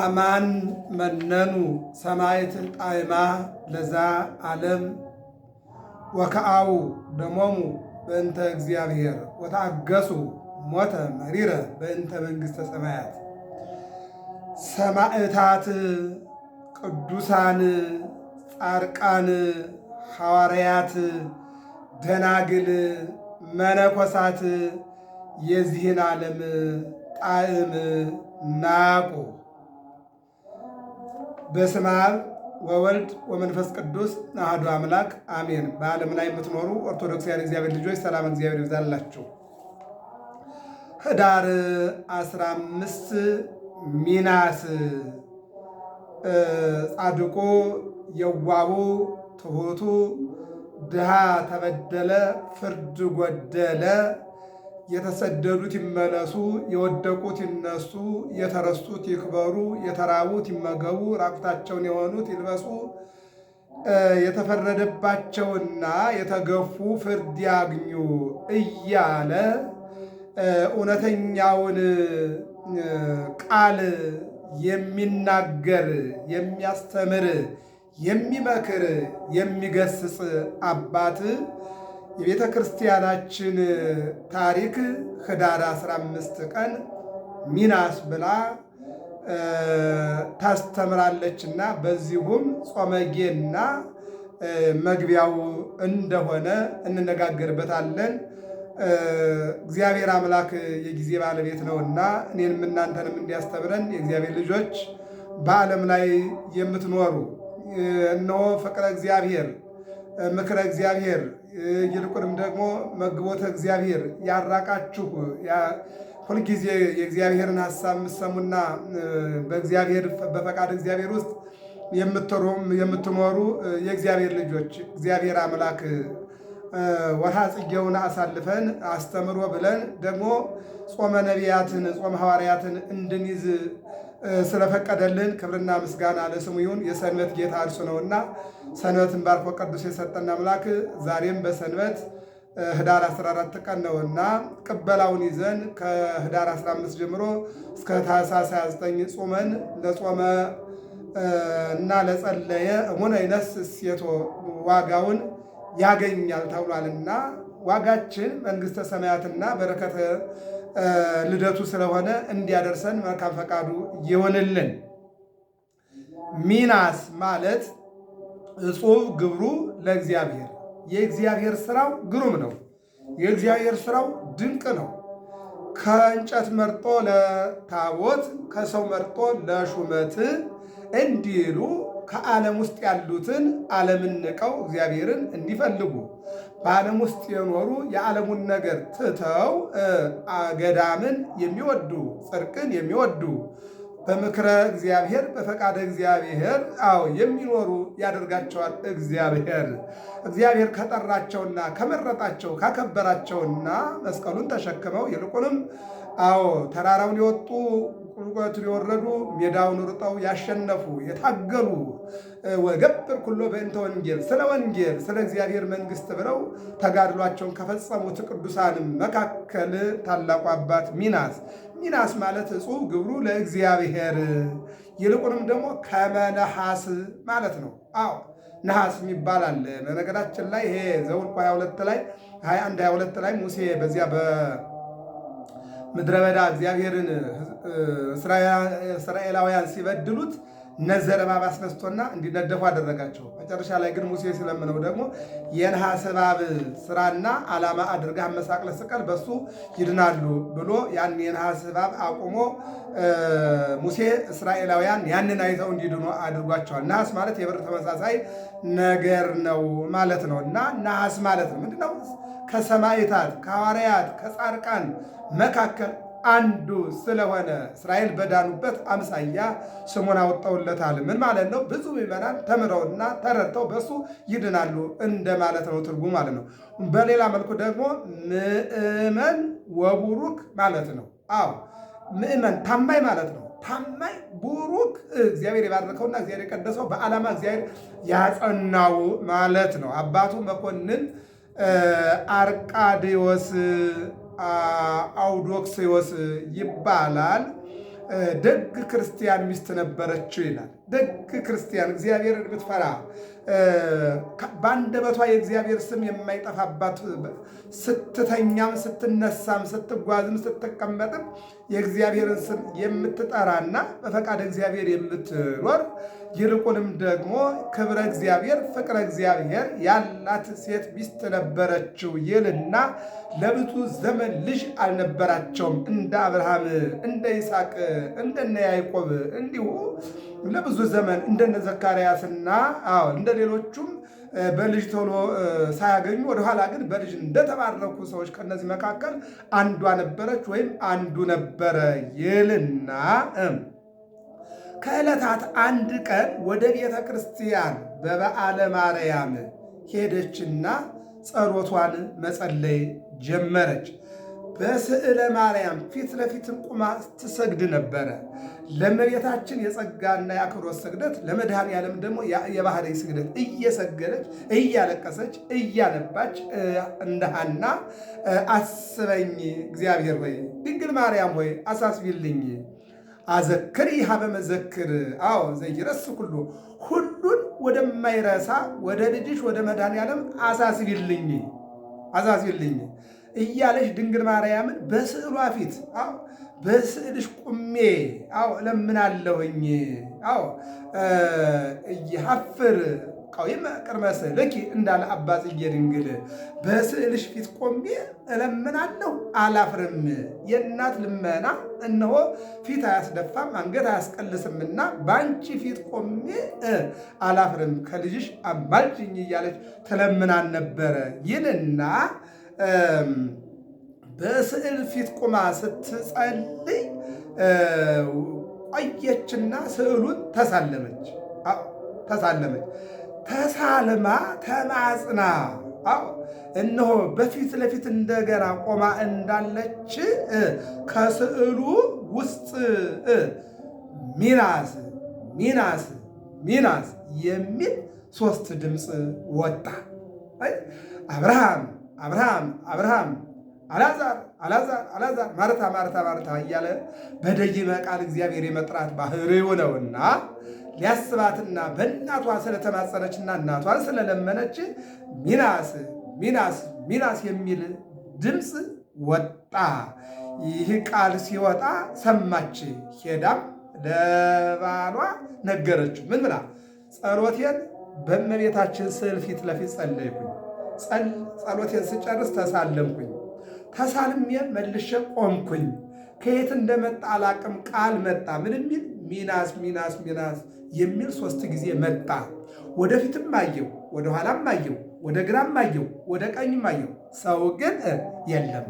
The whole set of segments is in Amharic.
አማን መነኑ ሰማይት ጣይማ ለዛ ዓለም ወከአው ደሞሙ በእንተ እግዚአብሔር ወታገሱ ሞተ መሪረ በእንተ መንግሥተ ሰማያት። ሰማዕታት፣ ቅዱሳን፣ ጻርቃን ሐዋርያት፣ ደናግል፣ መነኮሳት የዚህን ዓለም ጣዕም ናቁ። በስመ አብ ወወልድ ወመንፈስ ቅዱስ አሐዱ አምላክ አሜን። በዓለም ላይ የምትኖሩ ኦርቶዶክሳውያን እግዚአብሔር ልጆች ሰላም እግዚአብሔር ይብዛላችሁ። ህዳር 15 ሚናስ ጻድቁ የዋቡ ትሑቱ ድሃ ተበደለ ፍርድ ጎደለ የተሰደዱት ይመለሱ፣ የወደቁት ይነሱ፣ የተረሱት ይክበሩ፣ የተራቡት ይመገቡ፣ ራቁታቸውን የሆኑት ይልበሱ። የተፈረደባቸውና የተገፉ ፍርድ ያግኙ እያለ እውነተኛውን ቃል የሚናገር የሚያስተምር፣ የሚመክር፣ የሚገስጽ አባት የቤተ ክርስቲያናችን ታሪክ ህዳር 15 ቀን ሚናስ ብላ ታስተምራለችና በዚሁም ጾመጌና መግቢያው እንደሆነ እንነጋገርበታለን። እግዚአብሔር አምላክ የጊዜ ባለቤት ነውና እኔንም እናንተንም እንዲያስተምረን የእግዚአብሔር ልጆች በዓለም ላይ የምትኖሩ እነሆ ፍቅረ እግዚአብሔር፣ ምክረ እግዚአብሔር ይልቁንም ደግሞ መግቦተ እግዚአብሔር ያራቃችሁ ሁልጊዜ የእግዚአብሔርን ሀሳብ የምትሰሙና በእግዚአብሔር በፈቃድ እግዚአብሔር ውስጥ የምትኖሩ የእግዚአብሔር ልጆች እግዚአብሔር አምላክ ወርሃ ጽጌውን አሳልፈን አስተምሮ ብለን ደግሞ ጾመ ነቢያትን ጾመ ሐዋርያትን እንድንይዝ ስለፈቀደልን ክብርና ምስጋና ለስሙ ይሁን። የሰንበት ጌታ እርሱ ነውና ሰንበትን ባርኮ ቅዱስ የሰጠን አምላክ ዛሬም በሰንበት ህዳር 14 ቀን ነውና ቅበላውን ይዘን ከህዳር 15 ጀምሮ እስከ ታኅሳስ 29 ጾመን ለጾመ እና ለጸለየ ሆነ ይነስስ የቶ ዋጋውን ያገኛል ተብሏልና ዋጋችን መንግስተ ሰማያትና በረከተ ልደቱ ስለሆነ እንዲያደርሰን መልካም ፈቃዱ ይሆንልን። ሚናስ ማለት እጹብ ግብሩ ለእግዚአብሔር፣ የእግዚአብሔር ስራው ግሩም ነው። የእግዚአብሔር ስራው ድንቅ ነው። ከእንጨት መርጦ ለታቦት ከሰው መርጦ ለሹመት እንዲሉ ከዓለም ውስጥ ያሉትን ዓለምን ንቀው እግዚአብሔርን እንዲፈልጉ በዓለም ውስጥ የኖሩ የዓለሙን ነገር ትተው ገዳምን የሚወዱ ጽድቅን የሚወዱ በምክረ እግዚአብሔር በፈቃደ እግዚአብሔር አዎ የሚኖሩ ያደርጋቸዋል። እግዚአብሔር እግዚአብሔር ከጠራቸውና ከመረጣቸው ካከበራቸውና መስቀሉን ተሸክመው ይልቁንም አዎ ተራራውን የወጡ ቁልቁለቱን የወረዱ ሜዳውን ርጠው ያሸነፉ የታገሉ ወገብር ኩሎ በእንተ ወንጌል ስለ ወንጌል ስለ እግዚአብሔር መንግስት ብለው ተጋድሏቸውን ከፈጸሙት ቅዱሳን መካከል ታላቁ አባት ሚናስ ሚናስ ማለት እጹብ ግብሩ ለእግዚአብሔር ይልቁንም ደግሞ ከመነሐስ ማለት ነው። አዎ ነሐስ የሚባል አለ። በነገራችን ላይ ይሄ ዘውልቁ 22 ላይ 21 22 ላይ ሙሴ በዚያ በ ምድረ በዳ እግዚአብሔርን እስራኤላውያን ሲበድሉት ነዘረ እባብ አስነስቶና እንዲነደፉ አደረጋቸው። መጨረሻ ላይ ግን ሙሴ ሲለምነው ደግሞ የነሐስ እባብ ስራና ዓላማ አድርገህ አመሳቅለህ ስቀል በሱ ይድናሉ ብሎ ያን የነሐስ እባብ አቁሞ ሙሴ እስራኤላውያን ያንን አይተው እንዲድኑ አድርጓቸዋል። ነሐስ ማለት የብር ተመሳሳይ ነገር ነው ማለት ነው እና ነሐስ ማለት ነው ምንድነው? ከሰማዕታት ከሐዋርያት ከጻድቃን መካከል አንዱ ስለሆነ እስራኤል በዳኑበት አምሳያ ስሙን አወጣውለታል። ምን ማለት ነው? ብዙ ምዕመናን ተምረውና ተረድተው በሱ ይድናሉ እንደማለት ነው ትርጉም ማለት ነው። በሌላ መልኩ ደግሞ ምዕመን ወቡሩክ ማለት ነው። አዎ ምዕመን ታማኝ ማለት ነው። ታማኝ ቡሩክ እግዚአብሔር የባረከውና እግዚአብሔር የቀደሰው በዓላማ እግዚአብሔር ያጸናው ማለት ነው። አባቱ መኮንን አርቃዲዎስ አውዶክሴዎስ ይባላል። ደግ ክርስቲያን ሚስት ነበረችው ይላል። ደግ ክርስቲያን እግዚአብሔርን የምትፈራ በአንደበቷ የእግዚአብሔር ስም የማይጠፋባት ስትተኛም፣ ስትነሳም፣ ስትጓዝም፣ ስትቀመጥም የእግዚአብሔርን ስም የምትጠራና በፈቃድ እግዚአብሔር የምትኖር ይልቁንም ደግሞ ክብረ እግዚአብሔር፣ ፍቅረ እግዚአብሔር ያላት ሴት ሚስት ነበረችው ይልና ለብዙ ዘመን ልጅ አልነበራቸውም። እንደ አብርሃም፣ እንደ ይስሐቅ፣ እንደነ ያዕቆብ እንዲሁ ለብዙ ዘመን እንደነ ዘካርያስና እንደ ሌሎቹም በልጅ ቶሎ ሳያገኙ ወደኋላ ግን በልጅ እንደተባረኩ ሰዎች ከነዚህ መካከል አንዷ ነበረች ወይም አንዱ ነበረ ይልና ከዕለታት አንድ ቀን ወደ ቤተ ክርስቲያን በበዓለ ማርያም ሄደችና ጸሎቷን መጸለይ ጀመረች። በስዕለ ማርያም ፊት ለፊትም ቁማ ትሰግድ ነበረ። ለእመቤታችን የጸጋና የአክብሮት ስግደት፣ ለመድኃኔ ዓለም ደግሞ የባህርይ ስግደት እየሰገደች እያለቀሰች እያነባች እንደ አስበኝ እግዚአብሔር ሆይ፣ ድንግል ማርያም ሆይ አሳስቢልኝ። አዘክር ይሃ በመዘክር አዎ ዘይረስ ሁሉ ሁሉን ወደማይረሳ ወደ ልጅሽ ወደ መድኃኔ አሳስቢልኝ አሳስቢልኝ እያለሽ ድንግል ማርያምን በስዕሏ ፊት አዎ በስዕልሽ ቁሜ አዎ እለምናለሁኝ አዎ እየሀፍር ቀዊም ቅድመ ስዕልኪ እንዳለ አባ ጽጌ ድንግል በስዕልሽ ፊት ቆሜ እለምናለሁ አላፍርም። የእናት ልመና እነሆ ፊት አያስደፋም አንገት አያስቀልስምና በአንቺ ፊት ቆሜ አላፍርም ከልጅሽ አማልጅኝ እያለች ትለምናን ነበረ ይልና በስዕል ፊት ቁማ ስትጸልይ ቆየችና ስዕሉን ተሳለመች። ተሳለመች ተሳልማ ተማጽና አዎ እነሆ በፊት ለፊት እንደገና ቆማ እንዳለች ከስዕሉ ውስጥ ሚናስ ሚናስ ሚናስ የሚል ሶስት ድምፅ ወጣ። አብርሃም አብርሃም አብርሃም አላዛር አላዛር አላዛር ማርታ ማርታ ማርታ እያለ በደቂመ ቃል እግዚአብሔር የመጥራት ባህሪው ነውና ሊያስባትና በእናቷ ስለተማጸነችና እናቷን ስለለመነች ሚናስ ሚናስ ሚናስ የሚል ድምፅ ወጣ። ይህ ቃል ሲወጣ ሰማች። ሄዳም ለባሏ ነገረችው። ምን ብላ ጸሎቴን በእመቤታችን ስዕል ፊት ለፊት ጸለይኩኝ ጸሎቴን ስጨርስ ተሳለምኩኝ። ተሳልሜ መልሸ ቆምኩኝ። ከየት እንደመጣ አላቅም ቃል መጣ። ምን የሚል ሚናስ ሚናስ ሚናስ የሚል ሶስት ጊዜ መጣ። ወደፊትም አየው፣ ወደኋላም አየው፣ ወደ ግራም አየው፣ ወደ ቀኝም አየው። ሰው ግን የለም።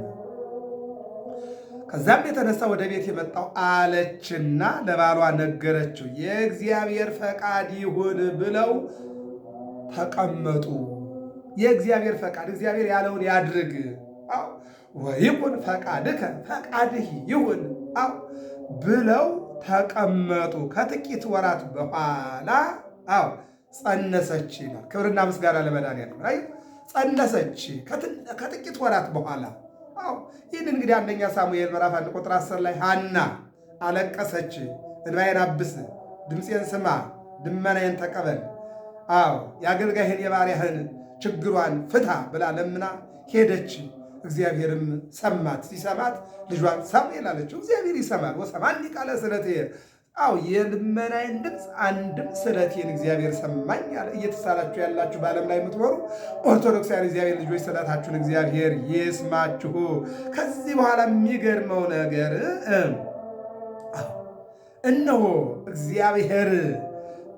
ከዛም የተነሳ ወደ ቤት የመጣው አለችና ለባሏ ነገረችው። የእግዚአብሔር ፈቃድ ይሁን ብለው ተቀመጡ። የእግዚአብሔር ፈቃድ እግዚአብሔር ያለውን ያድርግ። አዎ ወይኩን ፈቃድከ ፈቃድህ ይሁን አዎ ብለው ተቀመጡ። ከጥቂት ወራት በኋላ አዎ ጸነሰች ይላል። ክብርና ምስጋና ለመድኃኒዓለም። አይ ጸነሰች ከጥቂት ወራት በኋላ አዎ ይህን እንግዲህ አንደኛ ሳሙኤል ምዕራፍ አንድ ቁጥር 10 ላይ ሐና አለቀሰች፣ እንባዬን አብስ፣ ድምፄን ስማ፣ ድመናዬን ተቀበል፣ አዎ የአገልጋይህን የባሪያህን ችግሯን ፍታ ብላ ለምና ሄደች። እግዚአብሔርም ሰማት። ሲሰማት ልጇን ሳሙኤል አለችው። እግዚአብሔር ይሰማል። ወሰማኒ ቃለ ስለትየ፣ አው የልመናይን ድምፅ አንድም ስለቴን እግዚአብሔር ሰማኝ አለ። እየተሳላችሁ ያላችሁ በዓለም ላይ የምትኖሩ ኦርቶዶክሳውያን እግዚአብሔር ልጆች ስላታችሁን እግዚአብሔር ይስማችሁ። ከዚህ በኋላ የሚገርመው ነገር እነሆ እግዚአብሔር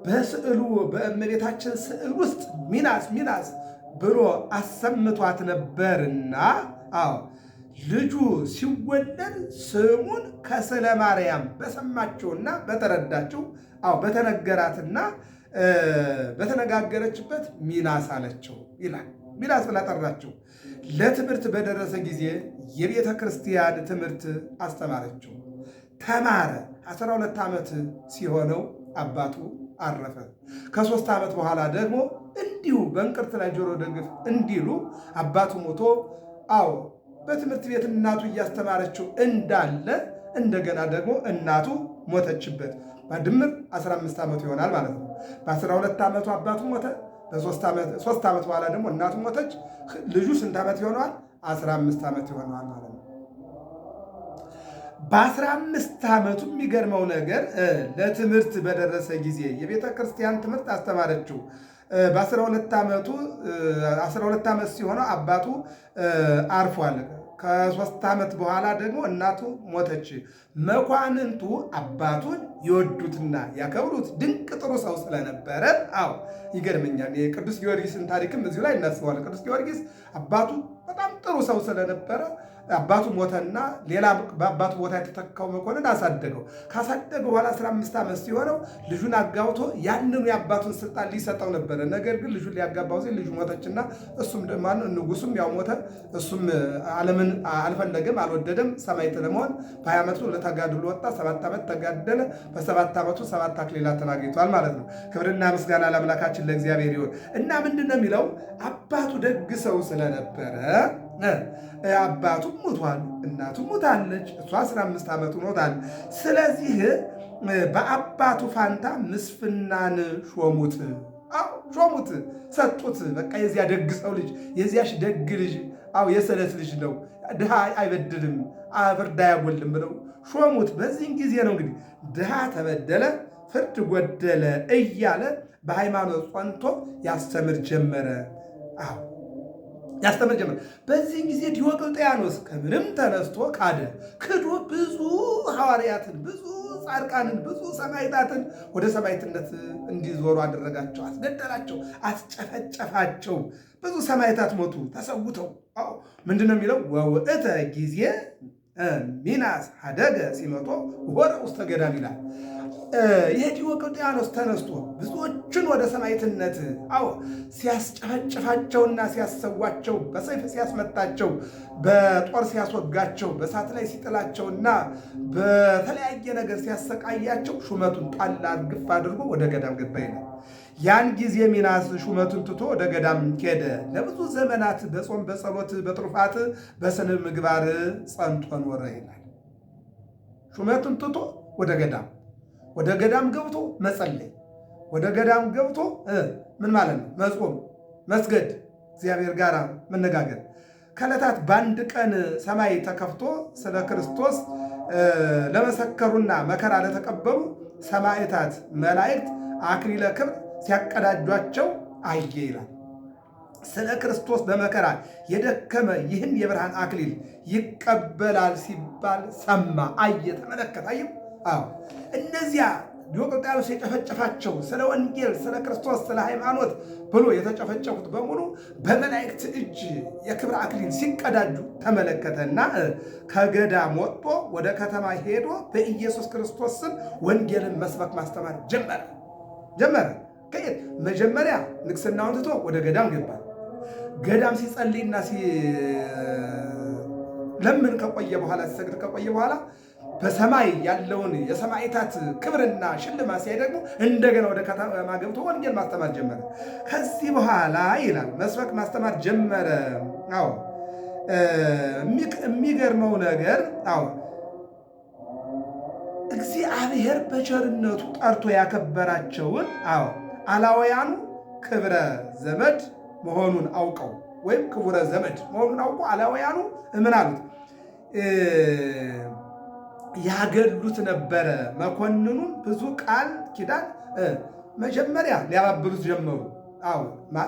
በስዕሉ በእመቤታችን ስዕል ውስጥ ሚናስ ሚናስ ብሎ አሰምቷት ነበርና። አዎ ልጁ ሲወለድ ስሙን ከስለ ማርያም በሰማችውና በተረዳችው አዎ በተነገራትና በተነጋገረችበት ሚናስ አለችው ይላል። ሚናስ ብላ ጠራችው። ለትምህርት በደረሰ ጊዜ የቤተ ክርስቲያን ትምህርት አስተማረችው። ተማረ። 12 ዓመት ሲሆነው አባቱ አረፈ። ከሶስት ዓመት በኋላ ደግሞ እንዲሁ በእንቅርት ላይ ጆሮ ደግፍ እንዲሉ አባቱ ሞቶ፣ አዎ በትምህርት ቤት እናቱ እያስተማረችው እንዳለ እንደገና ደግሞ እናቱ ሞተችበት። በድምር 15 ዓመቱ ይሆናል ማለት ነው። በ12 ዓመቱ አባቱ ሞተ። ሶስት ዓመት በኋላ ደግሞ እናቱ ሞተች። ልጁ ስንት ዓመት ይሆነዋል? 15 ዓመት ይሆነዋል ማለት ነው። በ15 ዓመቱ የሚገርመው ነገር ለትምህርት በደረሰ ጊዜ የቤተ ክርስቲያን ትምህርት አስተማረችው። በአስራ ሁለት ዓመቱ አስራ ሁለት ዓመት ሲሆነው አባቱ አርፏል። ከሶስት ዓመት በኋላ ደግሞ እናቱ ሞተች። መኳንንቱ አባቱን ይወዱትና ያከብሩት ድንቅ ጥሩ ሰው ስለነበረ፣ አዎ ይገርመኛል። የቅዱስ ጊዮርጊስን ታሪክም እዚሁ ላይ እናስበዋለን። ቅዱስ ጊዮርጊስ አባቱ በጣም ጥሩ ሰው ስለነበረ አባቱ ሞተና ሌላ በአባቱ ቦታ የተተካው መኮንን አሳደገው። ካሳደገው በኋላ 15 ዓመት ሲሆነው ልጁን አጋብቶ ያንኑ የአባቱን ስልጣን ሊሰጠው ነበረ። ነገር ግን ልጁን ሊያጋባው ሲል ልጁ ሞተችና እሱም ንጉሱም ያው ሞተ። እሱም ዓለምን አልፈለገም፣ አልወደደም። ሰማዕት ለመሆን በ20 ዓመቱ ለተጋድሎ ወጣ። ሰባት ዓመት ተጋደለ። በሰባት ዓመቱ ሰባት አክሊላትን አግኝቷል ማለት ነው። ክብርና ምስጋና ለአምላካችን ለእግዚአብሔር ይሁን እና ምንድን ነው የሚለው አባቱ ደግ ሰው ስለነበረ አባቱም ሙቷል፣ እናቱም ሙታለች። እሷ 15 ዓመት ሆኖታል። ስለዚህ በአባቱ ፋንታ ምስፍናን ሾሙት። አዎ ሾሙት፣ ሰጡት። በቃ የዚያ ደግ ሰው ልጅ፣ የዚያሽ ደግ ልጅ፣ አዎ የሰለት ልጅ ነው፣ ድሃ አይበድልም፣ ፍርድ አያጎልም ብለው ሾሙት። በዚህም ጊዜ ነው እንግዲህ ድሃ ተበደለ፣ ፍርድ ጎደለ እያለ በሃይማኖት ጸንቶ ያስተምር ጀመረ። አዎ ያስተምር ጀመር። በዚህን ጊዜ ዲዮቅልጥያኖስ ከምንም ተነስቶ ካደ። ክዶ ብዙ ሐዋርያትን፣ ብዙ ጻድቃንን፣ ብዙ ሰማዕታትን ወደ ሰማዕትነት እንዲዞሩ አደረጋቸው። አስገደላቸው፣ አስጨፈጨፋቸው። ብዙ ሰማዕታት ሞቱ ተሰውተው። ምንድን ነው የሚለው? ወውእተ ጊዜ ሚናስ አደገ ሲመጦ ወረ ውስተ ገዳም ይላል። ይሄ ዲዮቅልጥያኖስ ተነስቶ ብዙዎቹን ወደ ሰማዕትነት አዎ ሲያስጨፈጭፋቸውና ሲያሰዋቸው በሰይፍ ሲያስመታቸው በጦር ሲያስወጋቸው በእሳት ላይ ሲጥላቸውና በተለያየ ነገር ሲያሰቃያቸው ሹመቱን ጣል አርግፍ አድርጎ ወደ ገዳም ገባ ይላል። ያን ጊዜ ሚናስ ሹመቱን ትቶ ወደ ገዳም ሄደ። ለብዙ ዘመናት በጾም በጸሎት በትሩፋት በስነ ምግባር ጸንቶ ኖረ ይላል። ሹመቱን ትቶ ወደ ገዳም ወደ ገዳም ገብቶ መጸለይ፣ ወደ ገዳም ገብቶ ምን ማለት ነው? መጾም፣ መስገድ፣ እግዚአብሔር ጋር መነጋገር። ከዕለታት በአንድ ቀን ሰማይ ተከፍቶ ስለ ክርስቶስ ለመሰከሩና መከራ ለተቀበሉ ሰማዕታት መላእክት አክሊለ ክብር ሲያቀዳጇቸው አየ ይላል። ስለ ክርስቶስ በመከራ የደከመ ይህን የብርሃን አክሊል ይቀበላል ሲባል ሰማ፣ አየ፣ ተመለከተ። አየው አዎ እነዚያ ዲዮቅልጥያኖስ የጨፈጨፋቸው ስለ ወንጌል፣ ስለ ክርስቶስ፣ ስለ ሃይማኖት ብሎ የተጨፈጨፉት በሙሉ በመላእክት እጅ የክብር አክሊል ሲቀዳጁ ተመለከተና ከገዳም ወጥቶ ወደ ከተማ ሄዶ በኢየሱስ ክርስቶስ ስም ወንጌልን መስበክ ማስተማር ጀመረ ጀመረ። ከየት መጀመሪያ ንግስናውን ትቶ ወደ ገዳም ገባ። ገዳም ሲጸልይና ሲለምን ከቆየ በኋላ ሲሰግድ ከቆየ በኋላ በሰማይ ያለውን የሰማዕታት ክብርና ሽልማት ሲያይ ደግሞ እንደገና ወደ ከተማ ገብቶ ወንጌል ማስተማር ጀመረ። ከዚህ በኋላ ይላል መስበክ ማስተማር ጀመረ። አዎ የሚገርመው ነገር አዎ እግዚአብሔር በቸርነቱ ጠርቶ ያከበራቸውን አዎ አላውያኑ ክብረ ዘመድ መሆኑን አውቀው ወይም ክቡረ ዘመድ መሆኑን አውቀው አላውያኑ ምን አሉት? ያገሉት ነበረ። መኮንኑም ብዙ ቃል ኪዳን መጀመሪያ ሊያባብሉት ጀመሩ። አዎ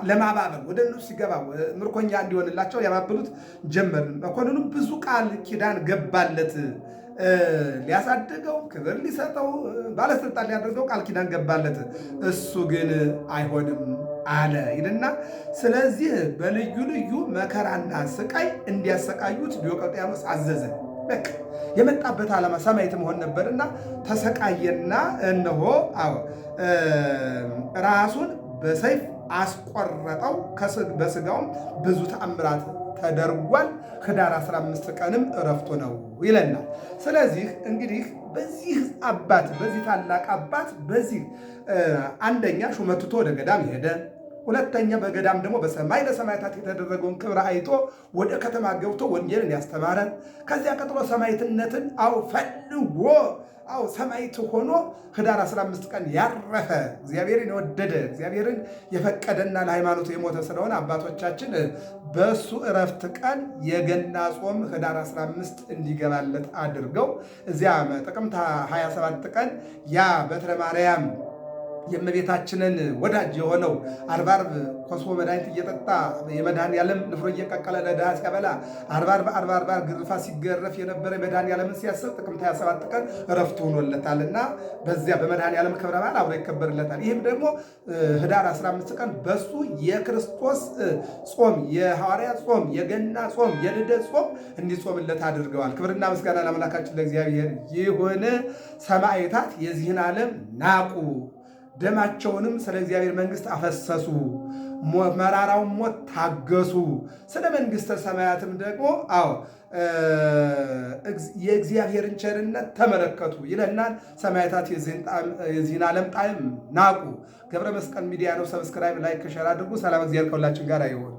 ለማባበል ወደ እነሱ ሲገባ ምርኮኛ እንዲሆንላቸው ሊያባብሉት ጀመር። መኮንኑም ብዙ ቃል ኪዳን ገባለት። ሊያሳድገው፣ ክብር ሊሰጠው፣ ባለስልጣን ሊያደርገው ቃል ኪዳን ገባለት። እሱ ግን አይሆንም አለ ይልና፣ ስለዚህ በልዩ ልዩ መከራና ስቃይ እንዲያሰቃዩት ዲዮቀጥያኖስ አዘዘ። በቃ የመጣበት ዓላማ ሰማዕት መሆን ነበርና ተሰቃየና እነሆ ራሱን በሰይፍ አስቆረጠው። በስጋውም ብዙ ተአምራት ተደርጓል። ህዳር 15 ቀንም እረፍቶ ነው ይለናል። ስለዚህ እንግዲህ በዚህ አባት በዚህ ታላቅ አባት በዚህ አንደኛ ሹመትቶ ወደ ገዳም ሄደ። ሁለተኛ በገዳም ደግሞ በሰማይ ለሰማያታት የተደረገውን ክብር አይቶ ወደ ከተማ ገብቶ ወንጌልን ያስተማረ ከዚያ ቀጥሎ ሰማይትነትን አው ፈልጎ አው ሰማይት ሆኖ ህዳር 15 ቀን ያረፈ እግዚአብሔርን የወደደ እግዚአብሔርን የፈቀደና ለሃይማኖቱ የሞተ ስለሆነ አባቶቻችን በእሱ እረፍት ቀን የገና ጾም ህዳር 15 እንዲገባለት አድርገው እዚያ ጥቅምት 27 ቀን ያ በትረ ማርያም የእመቤታችንን ወዳጅ የሆነው ዓርብ ኮስሞ መድኃኒት እየጠጣ የመድኃኒዓለም ንፍሮ እየቀቀለ ለድሃ ሲያበላ ዓርብ ዓርብ ዓርብ ሲገረፍ የነበረ መድኃኒዓለምን ሲያስብ ጥቅምት 27 ቀን እረፍት ሆኖለታል እና በዚያ በመድኃኒዓለም ክብረ በዓል አብሮ ይከበርለታል። ይህም ደግሞ ህዳር 15 ቀን በሱ የክርስቶስ ጾም፣ የሐዋርያ ጾም፣ የገና ጾም፣ የልደት ጾም እንዲጾምለት አድርገዋል። ክብርና ምስጋና ለአምላካችን ለእግዚአብሔር ይሁን። ሰማዕታት የዚህን ዓለም ናቁ ደማቸውንም ስለ እግዚአብሔር መንግሥት አፈሰሱ። መራራውን ሞት ታገሱ። ስለ መንግሥተ ሰማያትም ደግሞ አዎ የእግዚአብሔርን ቸርነት ተመለከቱ ይለናል። ሰማያታት የዚህን ዓለም ጣዕም ናቁ። ገብረ መስቀል ሚዲያ ነው። ሰብስክራይብ፣ ላይክ፣ ሸር አድርጉ። ሰላም እግዚአብሔር ከሁላችን ጋር አይሆን